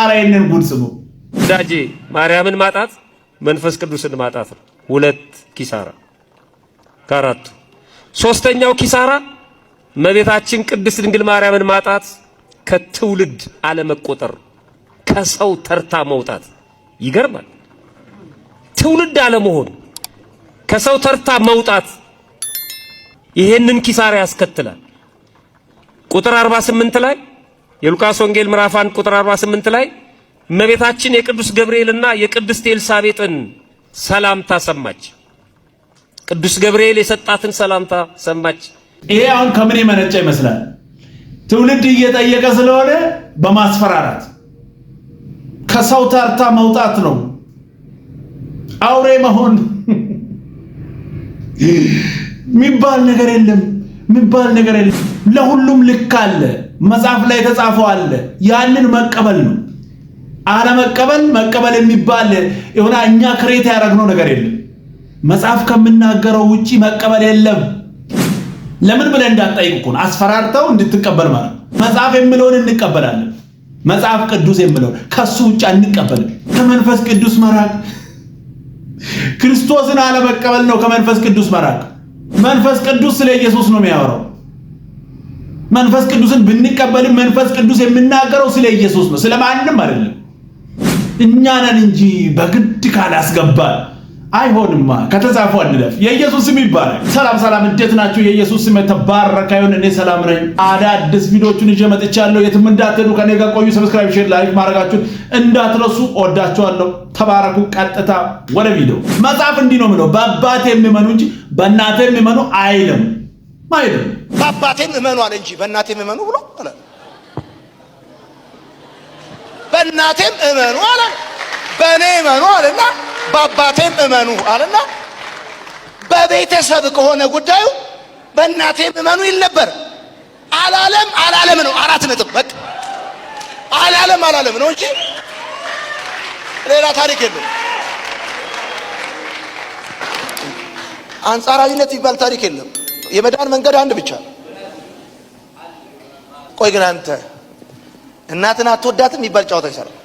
አራይንን ጉድ ስሙ ማርያምን ማጣት መንፈስ ቅዱስን ማጣት ነው። ሁለት ኪሳራ ከአራቱ። ሶስተኛው ኪሳራ እመቤታችን ቅድስት ድንግል ማርያምን ማጣት ከትውልድ አለመቆጠር፣ ከሰው ተርታ መውጣት። ይገርማል። ትውልድ አለመሆን፣ ከሰው ተርታ መውጣት ይሄንን ኪሳራ ያስከትላል። ቁጥር 48 ላይ የሉቃስ ወንጌል ምዕራፍ 1 ቁጥር 48 ላይ እመቤታችን የቅዱስ ገብርኤልና የቅድስት ኤልሳቤጥን ሰላምታ ሰማች። ቅዱስ ገብርኤል የሰጣትን ሰላምታ ሰማች። ይሄ አሁን ከምን የመነጨ ይመስላል? ትውልድ እየጠየቀ ስለሆነ በማስፈራራት ከሰው ተርታ መውጣት ነው፣ አውሬ መሆን የሚባል ነገር የለም፣ የሚባል ነገር የለም። ለሁሉም ልክ አለ። መጽሐፍ ላይ የተጻፈው አለ። ያንን መቀበል ነው። አለመቀበል መቀበል የሚባል የሆነ እኛ ክሬት ያደረግነው ነገር የለም። መጽሐፍ ከምናገረው ውጪ መቀበል የለም። ለምን ብለህ እንዳትጠይቅ እኮ ነው። አስፈራርተው እንድትቀበል ማለት መጽሐፍ የሚለውን እንቀበላለን። መጽሐፍ ቅዱስ የምለው ከሱ ውጭ አንቀበልም። ከመንፈስ ቅዱስ መራቅ ክርስቶስን አለመቀበል ነው። ከመንፈስ ቅዱስ መራቅ። መንፈስ ቅዱስ ስለ ኢየሱስ ነው የሚያወራው። መንፈስ ቅዱስን ብንቀበልም መንፈስ ቅዱስ የምናገረው ስለ ኢየሱስ ነው፣ ስለ ማንም አይደለም። እኛ ነን እንጂ በግድ ካላስገባል አይሆንማ። ከተጻፈው አንለፍ። የኢየሱስ ስም ይባላል። ሰላም ሰላም፣ እንዴት ናችሁ? የኢየሱስ ስም የተባረከ ይሁን። እኔ ሰላም ነኝ። አዳዲስ ቪዲዮቹን ይዤ መጥቻለሁ። የትም እንዳትሄዱ፣ ከኔ ጋር ቆዩ። ሰብስክራይብ፣ ሼር፣ ላይክ ማድረጋችሁን እንዳትረሱ። ወዳችኋለሁ። ተባረኩ። ቀጥታ ወደ ቪዲዮ። መጽሐፍ እንዲህ ነው የምለው፣ በአባት የሚመኑ እንጂ በእናቴ የሚመኑ አይልም አይልም በአባቴም እመኑ አለ እንጂ በእናቴም እመኑ ብሎ አለ። በእናቴም እመኑ አለ፣ በእኔ እመኑ አለና በአባቴም እመኑ አለና በቤተሰብ ከሆነ ጉዳዩ በእናቴም እመኑ ይል ነበር። አላለም አላለም ነው አራት ነጥብ። በቃ አላለም አላለም ነው እንጂ ሌላ ታሪክ የለም። አንጻራዊነት የሚባል ታሪክ የለም። የመዳን መንገድ አንድ ብቻ ቆይ ግን አንተ እናትን አትወዳት የሚባል ጨዋታ አይሰራም፣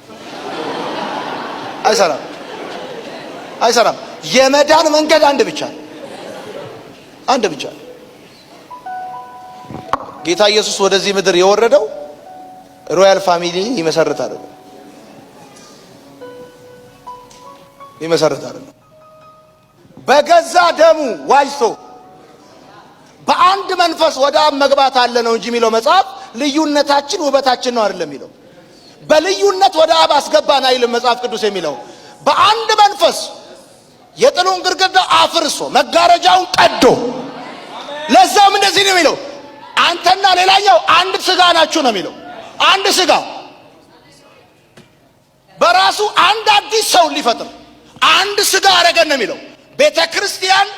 አይሰራም፣ አይሰራም። የመዳን መንገድ አንድ ብቻ አንድ ብቻ ጌታ ኢየሱስ ወደዚህ ምድር የወረደው ሮያል ፋሚሊ ይመሰርት አይደለም ይመሰርት አይደለም በገዛ ደሙ ዋጅቶ በአንድ መንፈስ ወደ አብ መግባት አለ ነው እንጂ የሚለው መጽሐፍ ልዩነታችን ውበታችን ነው አይደለም የሚለው። በልዩነት ወደ አብ አስገባን አይልም መጽሐፍ ቅዱስ የሚለው በአንድ መንፈስ የጥሉን ግድግዳ አፍርሶ መጋረጃውን ቀዶ። ለዛም እንደዚህ ነው የሚለው አንተና ሌላኛው አንድ ስጋ ናችሁ ነው የሚለው። አንድ ስጋ በራሱ አንድ አዲስ ሰው ሊፈጥር አንድ ስጋ አረገን ነው የሚለው ቤተ ክርስቲያን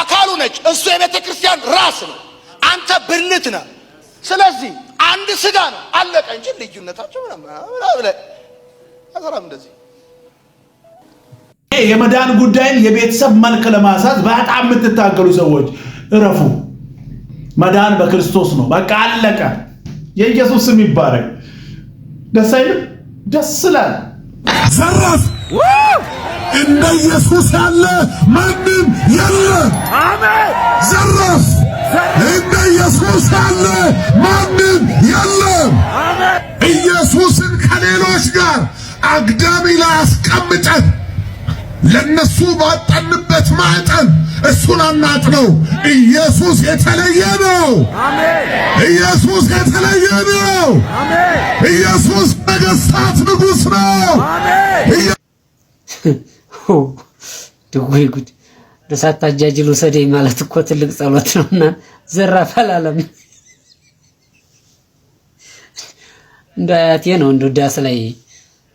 አካሉ ነች። እሱ የቤተ ክርስቲያን ራስ ነው። አንተ ብልት ነህ። ስለዚህ አንድ ስጋ ነው። አለቀ እንጂ ልዩነታቸው ምናምን እንደዚህ የመዳን ጉዳይን የቤተሰብ መልክ ለማሳት በጣም የምትታገሉ ሰዎች እረፉ። መዳን በክርስቶስ ነው። በቃ አለቀ። የኢየሱስ ስም ይባረክ። ደስ አይልም? ደስ ይላል። ዘራፍ እንደ ኢየሱስ ያለ ማንም የለ። አሜን። ዘራፍ እንደ ኢየሱስ ያለ ማንም የለ። ኢየሱስን ከሌሎች ጋር አግዳሚ ላይ አስቀምጠን ለነሱ ባጠንበት ማጠን እሱን ነው። ኢየሱስ የተለየ ነው። ኢየሱስ የተለየ ነው። ኢየሱስ ነገሥታት ንጉሥ ነው። ድዌ ጉድ እሳት ታጃጅል ውሰደኝ ማለት እኮ ትልቅ ጸሎት ነውና፣ ዘራፍ አላለም። እንደ አያቴ ነው እንደ ዳስ ላይ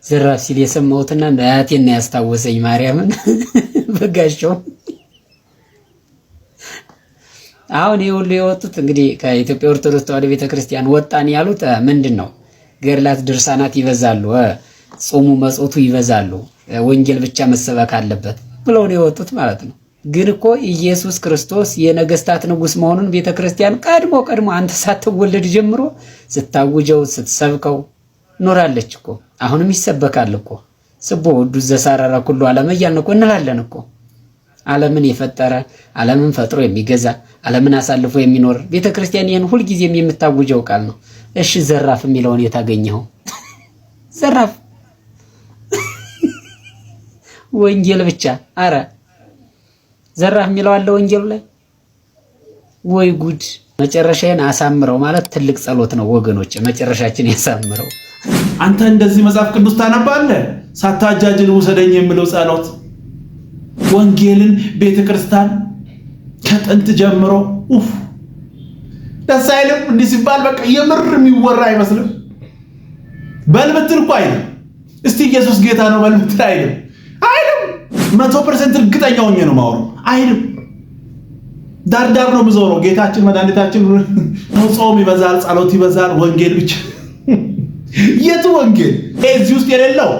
ዘራፍ ሲል የሰማሁትና እንደ አያቴ እና ያስታወሰኝ ማርያምን በጋሻው። አሁን ይህ ሁሉ የወጡት እንግዲህ ከኢትዮጵያ ኦርቶዶክስ ተዋሕዶ ቤተክርስቲያን ወጣን ያሉት ምንድን ነው? ገድላት ድርሳናት ይበዛሉ። ጾሙ መጾቱ ይበዛሉ፣ ወንጌል ብቻ መሰበክ አለበት ብለው ነው የወጡት ማለት ነው። ግን እኮ ኢየሱስ ክርስቶስ የነገስታት ንጉስ መሆኑን ቤተክርስቲያን ቀድሞ ቀድሞ አንተ ሳትወለድ ጀምሮ ስታውጀው ስትሰብከው ኖራለች እኮ። አሁንም ይሰበካል እኮ። ስቦ ወዱ ዘሳራራ ሁሉ ዓለም እያልን እኮ እንላለን እኮ። ዓለምን የፈጠረ ዓለምን ፈጥሮ የሚገዛ ዓለምን አሳልፎ የሚኖር ቤተክርስቲያን ይህን ሁልጊዜም የምታውጀው ቃል ነው። እሺ ዘራፍ የሚለውን የታገኘው ዘራፍ ወንጌል ብቻ። አረ ዘራፍ የሚለው አለ ወንጌሉ ላይ። ወይ ጉድ! መጨረሻዬን አሳምረው ማለት ትልቅ ጸሎት ነው ወገኖች። መጨረሻችን ያሳምረው። አንተ እንደዚህ መጽሐፍ ቅዱስ ታነባለህ? ሳታጃጅል ውሰደኝ የሚለው ጸሎት ወንጌልን ቤተ ክርስቲያን ከጥንት ጀምሮ ኡፍ ደስ አይልም። እንዲህ ሲባል በቃ የምር የሚወራ አይመስልም። በልብትል እኮ አይልም። እስቲ ኢየሱስ ጌታ ነው በልብትል አይልም። መቶ ፐርሰንት እርግጠኛ ሆኜ ነው የማወራው። አይሄድም። ዳርዳር ነው የምዞረው። ጌታችን መድኃኒታችን ነው። ጾም ይበዛል፣ ጸሎት ይበዛል፣ ወንጌል ብቻ የቱ ወንጌል እዚህ ውስጥ የሌለው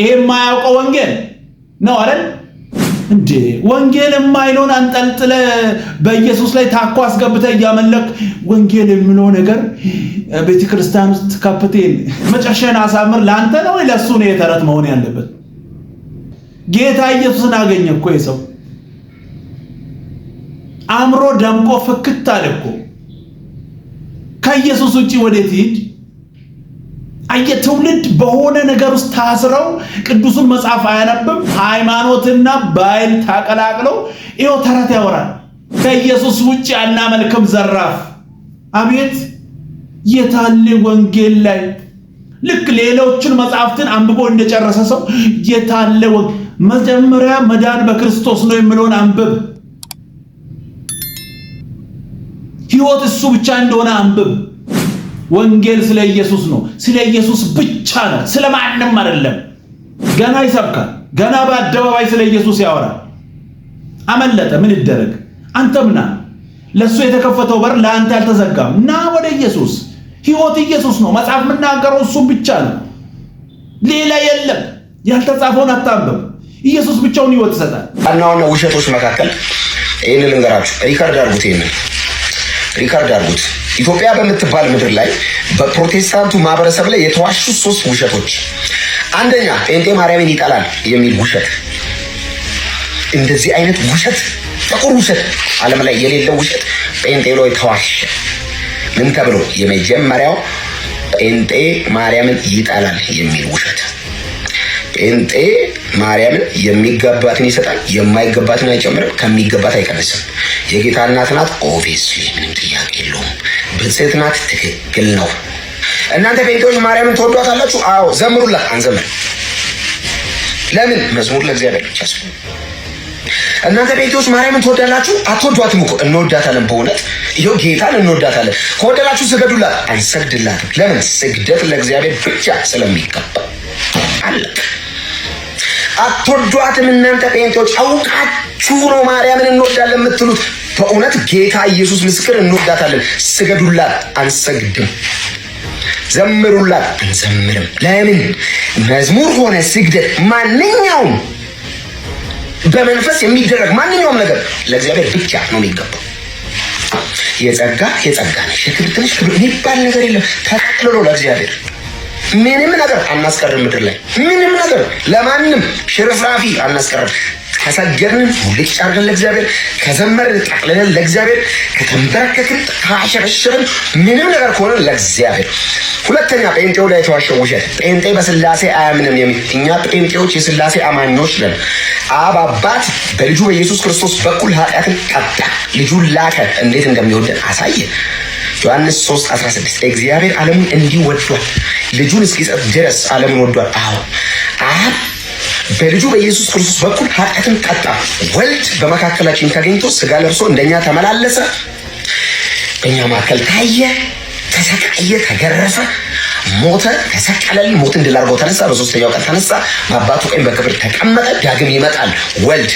ይሄ የማያውቀው ወንጌል ነው አይደል እንዴ? ወንጌል የማይለውን አንጠልጥለ በኢየሱስ ላይ ታኮ አስገብተ እያመለክ ወንጌል የሚለው ነገር ቤተክርስቲያን ውስጥ ካፕቴን መጨረሻን አሳምር። ለአንተ ነው ለእሱ ነው የተረት መሆን ያለበት። ጌታ ኢየሱስን አገኘ እኮ የሰው አእምሮ ደምቆ ፍክት አለ እኮ። ከኢየሱስ ውጪ ወዴት አየ አየትውልድ በሆነ ነገር ውስጥ ታስረው ቅዱሱን መጽሐፍ አያነብም። ሃይማኖትና ባይል ታቀላቅለው ይኸው ተረት ያወራል። ከኢየሱስ ውጭ አናመልክም ዘራፍ። አቤት የታለ ወንጌል ላይ ልክ ሌሎችን መጽሐፍትን አንብቦ እንደጨረሰ ሰው የታለ ወንጌል መጀመሪያ መዳን በክርስቶስ ነው የምለውን አንብብ። ህይወት እሱ ብቻ እንደሆነ አንብብ። ወንጌል ስለ ኢየሱስ ነው፣ ስለ ኢየሱስ ብቻ ነው፣ ስለ ማንም አይደለም። ገና ይሰብካል፣ ገና በአደባባይ ስለ ኢየሱስ ያወራል። አመለጠ፣ ምን ይደረግ? አንተም ና፣ ለእሱ የተከፈተው በር ለአንተ አልተዘጋም። ና ወደ ኢየሱስ። ህይወት ኢየሱስ ነው። መጽሐፍ የምናገረው እሱ ብቻ ነው፣ ሌላ የለም። ያልተጻፈውን አታንብብ። ኢየሱስ ብቻውን ህይወት ይሰጣል። ዋናውና ውሸቶች መካከል ይህን ልንገራችሁ፣ ሪካርድ አርጉት፣ ይህንን ሪካርድ አርጉት። ኢትዮጵያ በምትባል ምድር ላይ በፕሮቴስታንቱ ማህበረሰብ ላይ የተዋሹ ሶስት ውሸቶች፣ አንደኛ ጴንጤ ማርያምን ይጠላል የሚል ውሸት። እንደዚህ አይነት ውሸት ጥቁር ውሸት፣ ዓለም ላይ የሌለ ውሸት ጴንጤ ላይ ተዋሸ። ምን ተብሎ የመጀመሪያው ጴንጤ ማርያምን ይጠላል የሚል ውሸት ጴንጤ ማርያምን የሚገባትን ይሰጣል፣ የማይገባትን አይጨምርም፣ ከሚገባት አይቀንስም። የጌታ እናት ናት። ኦብቪየስሊ ምንም ጥያቄ የለውም። ብጽዕት ናት። ትክክል ነው። እናንተ ጴንጤዎች ማርያምን ትወዷታላችሁ? አዎ። ዘምሩላት። አንዘምር። ለምን? መዝሙር ለእግዚአብሔር ብቻ ስ እናንተ ጴንጤዎች ማርያምን ትወዳላችሁ? አትወዷትም እኮ እንወዳታለን። በእውነት ይኸው ጌታን እንወዳታለን። ከወደላችሁ ስገዱላት። አንሰግድላትም። ለምን? ስግደት ለእግዚአብሔር ብቻ ስለሚገባ አለ አትወዷትም እናንተ ጴንቶች፣ አውቃችሁ ነው ማርያምን እንወዳለን የምትሉት። በእውነት ጌታ ኢየሱስ ምስክር እንወዳታለን። ስገዱላት፣ አንሰግድም። ዘምሩላት፣ አንዘምርም። ለምን? መዝሙር ሆነ ስግደት፣ ማንኛውም በመንፈስ የሚደረግ ማንኛውም ነገር ለእግዚአብሔር ብቻ ነው የሚገባው። የጸጋ የጸጋ ነሽ፣ የክብር ትንሽ ክብር የሚባል ነገር የለም። ተጠቅልሎ ለእግዚአብሔር ምንም ነገር አናስቀርም። ምድር ላይ ምንም ነገር ለማንም ሽርፍራፊ አናስቀርም። ከሰገድን ሙልጭ አድርገን ለእግዚአብሔር ከዘመርን ጠቅልለን ለእግዚአብሔር ከተንበረከትን ካሸረሸርን ምንም ነገር ከሆነ ለእግዚአብሔር። ሁለተኛ ጴንጤው ላይ የተዋሸው ውሸት፣ ጴንጤ በስላሴ አያምንም የሚል እኛ ጴንጤዎች የስላሴ አማኞች ነን። አብ አባት በልጁ በኢየሱስ ክርስቶስ በኩል ኃጢአትን ቀጣ፣ ልጁን ላከ፣ እንዴት እንደሚወደን አሳየ። ዮሐንስ 3 16 እግዚአብሔር ዓለሙን እንዲህ ወዷል፣ ልጁን እስኪሰጥ ድረስ ዓለሙን ወዷል። አዎ አብ በልጁ በኢየሱስ ክርስቶስ በኩል ኃጢአትን ቀጣ። ወልድ በመካከላችን ተገኝቶ ስጋ ለብሶ እንደኛ ተመላለሰ፣ በእኛ መካከል ታየ፣ ተሰቃየ፣ ተገረፈ ሞተ፣ ተሰቀለል፣ ሞትን ድል አድርጎ ተነሳ፣ በሶስተኛው ቀን ተነሳ፣ በአባቱ ቀኝ በክብር ተቀመጠ፣ ዳግም ይመጣል። ወልድ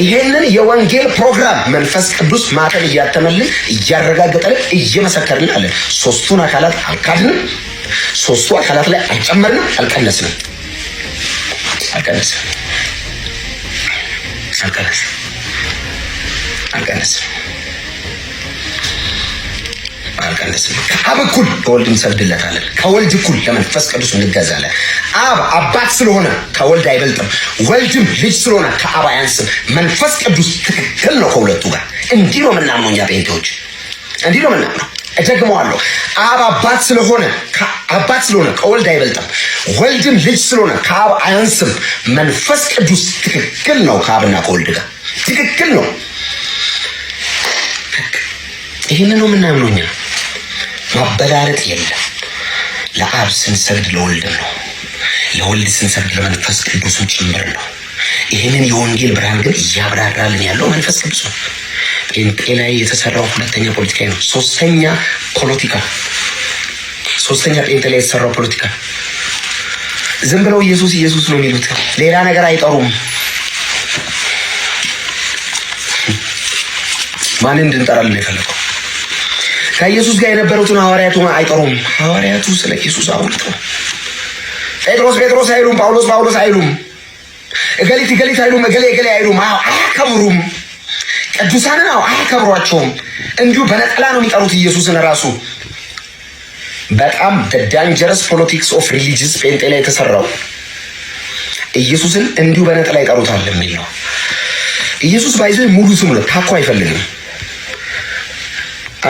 ይሄንን የወንጌል ፕሮግራም መንፈስ ቅዱስ ማተም እያተመልን እያረጋገጠልን እየመሰከርን አለን። ሶስቱን አካላት አልካድንም። ሶስቱ አካላት ላይ አልጨመርንም፣ አልቀነስንም፣ አልቀነስንም፣ አልቀነስንም፣ አልቀነስንም። አንቀንስም። ከአብ እኩል ከወልድ እንሰግድለታለን። ከወልድ እኩል ለመንፈስ ቅዱስ እንገዛለን። አብ አባት ስለሆነ ከወልድ አይበልጥም። ወልድም ልጅ ስለሆነ ከአብ አያንስም። መንፈስ ቅዱስ ትክክል ነው ከሁለቱ ጋር። እንዲህ ነው የምናምነው እኛ ጴንጤዎች፣ እንዲህ ነው የምናምነው። እደግመዋለሁ። አብ አባት ስለሆነ አባት ስለሆነ ከወልድ አይበልጥም። ወልድም ልጅ ስለሆነ ከአብ አያንስም። መንፈስ ቅዱስ ትክክል ነው ከአብና ከወልድ ጋር ትክክል ነው። ይህን ነው የምናምነው እኛ። ማበላለጥ የለም። ለአብ ስንሰግድ ለወልድ ነው፣ ለወልድ ስንሰግድ ለመንፈስ ቅዱስም ጭምር ነው። ይህንን የወንጌል ብርሃን ግን እያብራራልን ያለው መንፈስ ቅዱስ ነው። ጴንጤ ላይ የተሰራው ሁለተኛ ፖለቲካ ነው። ሶስተኛ ፖለቲካ ሶስተኛ ጴንጤ ላይ የተሰራው ፖለቲካ ዝም ብለው ኢየሱስ ኢየሱስ ነው የሚሉት፣ ሌላ ነገር አይጠሩም። ማንን እንድንጠራልን የፈለገው? ከኢየሱስ ጋር የነበሩትን ሐዋርያቱ አይጠሩም። ሐዋርያቱ ስለ ኢየሱስ አውልጠው ጴጥሮስ ጴጥሮስ አይሉም፣ ጳውሎስ ጳውሎስ አይሉም፣ እገሊት እገሊት አይሉም፣ እገሌ እገሌ አይሉም። አያከብሩም። ቅዱሳንን አዎ አያከብሯቸውም። እንዲሁ በነጠላ ነው የሚጠሩት ኢየሱስን ራሱ። በጣም ዳንጀረስ ፖለቲክስ ኦፍ ሪሊጅስ ጴንጤ ላይ የተሰራው ኢየሱስን እንዲሁ በነጠላ ይጠሩታል የሚል ነው። ኢየሱስ ባይዞ ሙሉ ስም ነው። ታኮ አይፈልግም።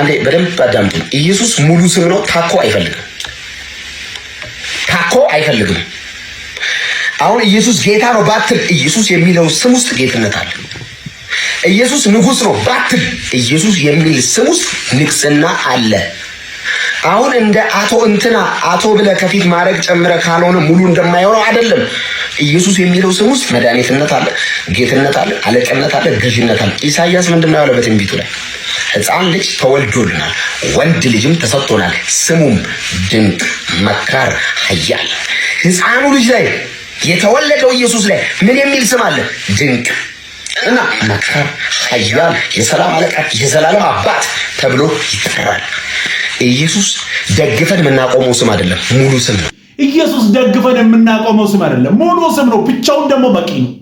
አንዴ በደንብ አዳምጡ። ኢየሱስ ሙሉ ስም ነው። ታኮ አይፈልግም። ታኮ አይፈልግም። አሁን ኢየሱስ ጌታ ነው ባትል፣ ኢየሱስ የሚለው ስም ውስጥ ጌትነት አለ። ኢየሱስ ንጉስ ነው ባትል፣ ኢየሱስ የሚል ስም ውስጥ ንግስና አለ። አሁን እንደ አቶ እንትና አቶ ብለ ከፊት ማድረግ ጨምረ ካልሆነ ሙሉ እንደማይሆነው አይደለም። ኢየሱስ የሚለው ስም ውስጥ መድኃኒትነት አለ፣ ጌትነት አለ፣ አለቅነት አለ፣ ገዥነት አለ። ኢሳይያስ ምንድን ነው ያለው በትንቢቱ ላይ ሕፃን ልጅ ተወልዶልናል፣ ወንድ ልጅም ተሰጥቶናል፣ ስሙም ድንቅ መካር፣ ኃያል። ሕፃኑ ልጅ ላይ የተወለደው ኢየሱስ ላይ ምን የሚል ስም አለ? ድንቅ እና መካር፣ ኃያል፣ የሰላም አለቃ፣ የዘላለም አባት ተብሎ ይጠራል። ኢየሱስ ደግፈን የምናቆመው ስም አይደለም፣ ሙሉ ስም ነው። ኢየሱስ ደግፈን የምናቆመው ስም አይደለም፣ ሙሉ ስም ነው። ብቻውን ደግሞ በቂ ነው።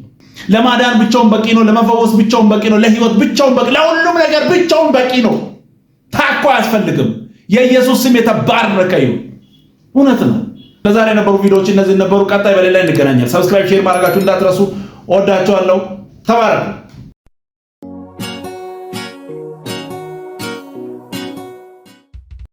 ለማዳን ብቻውን በቂ ነው። ለመፈወስ ብቻውን በቂ ነው። ለህይወት ብቻውን በቂ፣ ለሁሉም ነገር ብቻውን በቂ ነው። ታኮ አያስፈልግም። የኢየሱስ ስም የተባረከ ይሁን። እውነት ነው። በዛሬ የነበሩ ቪዲዮዎች እነዚህ ነበሩ። ቀጣይ በሌላ እንገናኛል። ሰብስክራይብ፣ ሼር ማድረጋችሁ እንዳትረሱ። ወዳችኋለሁ። ተባረኩ።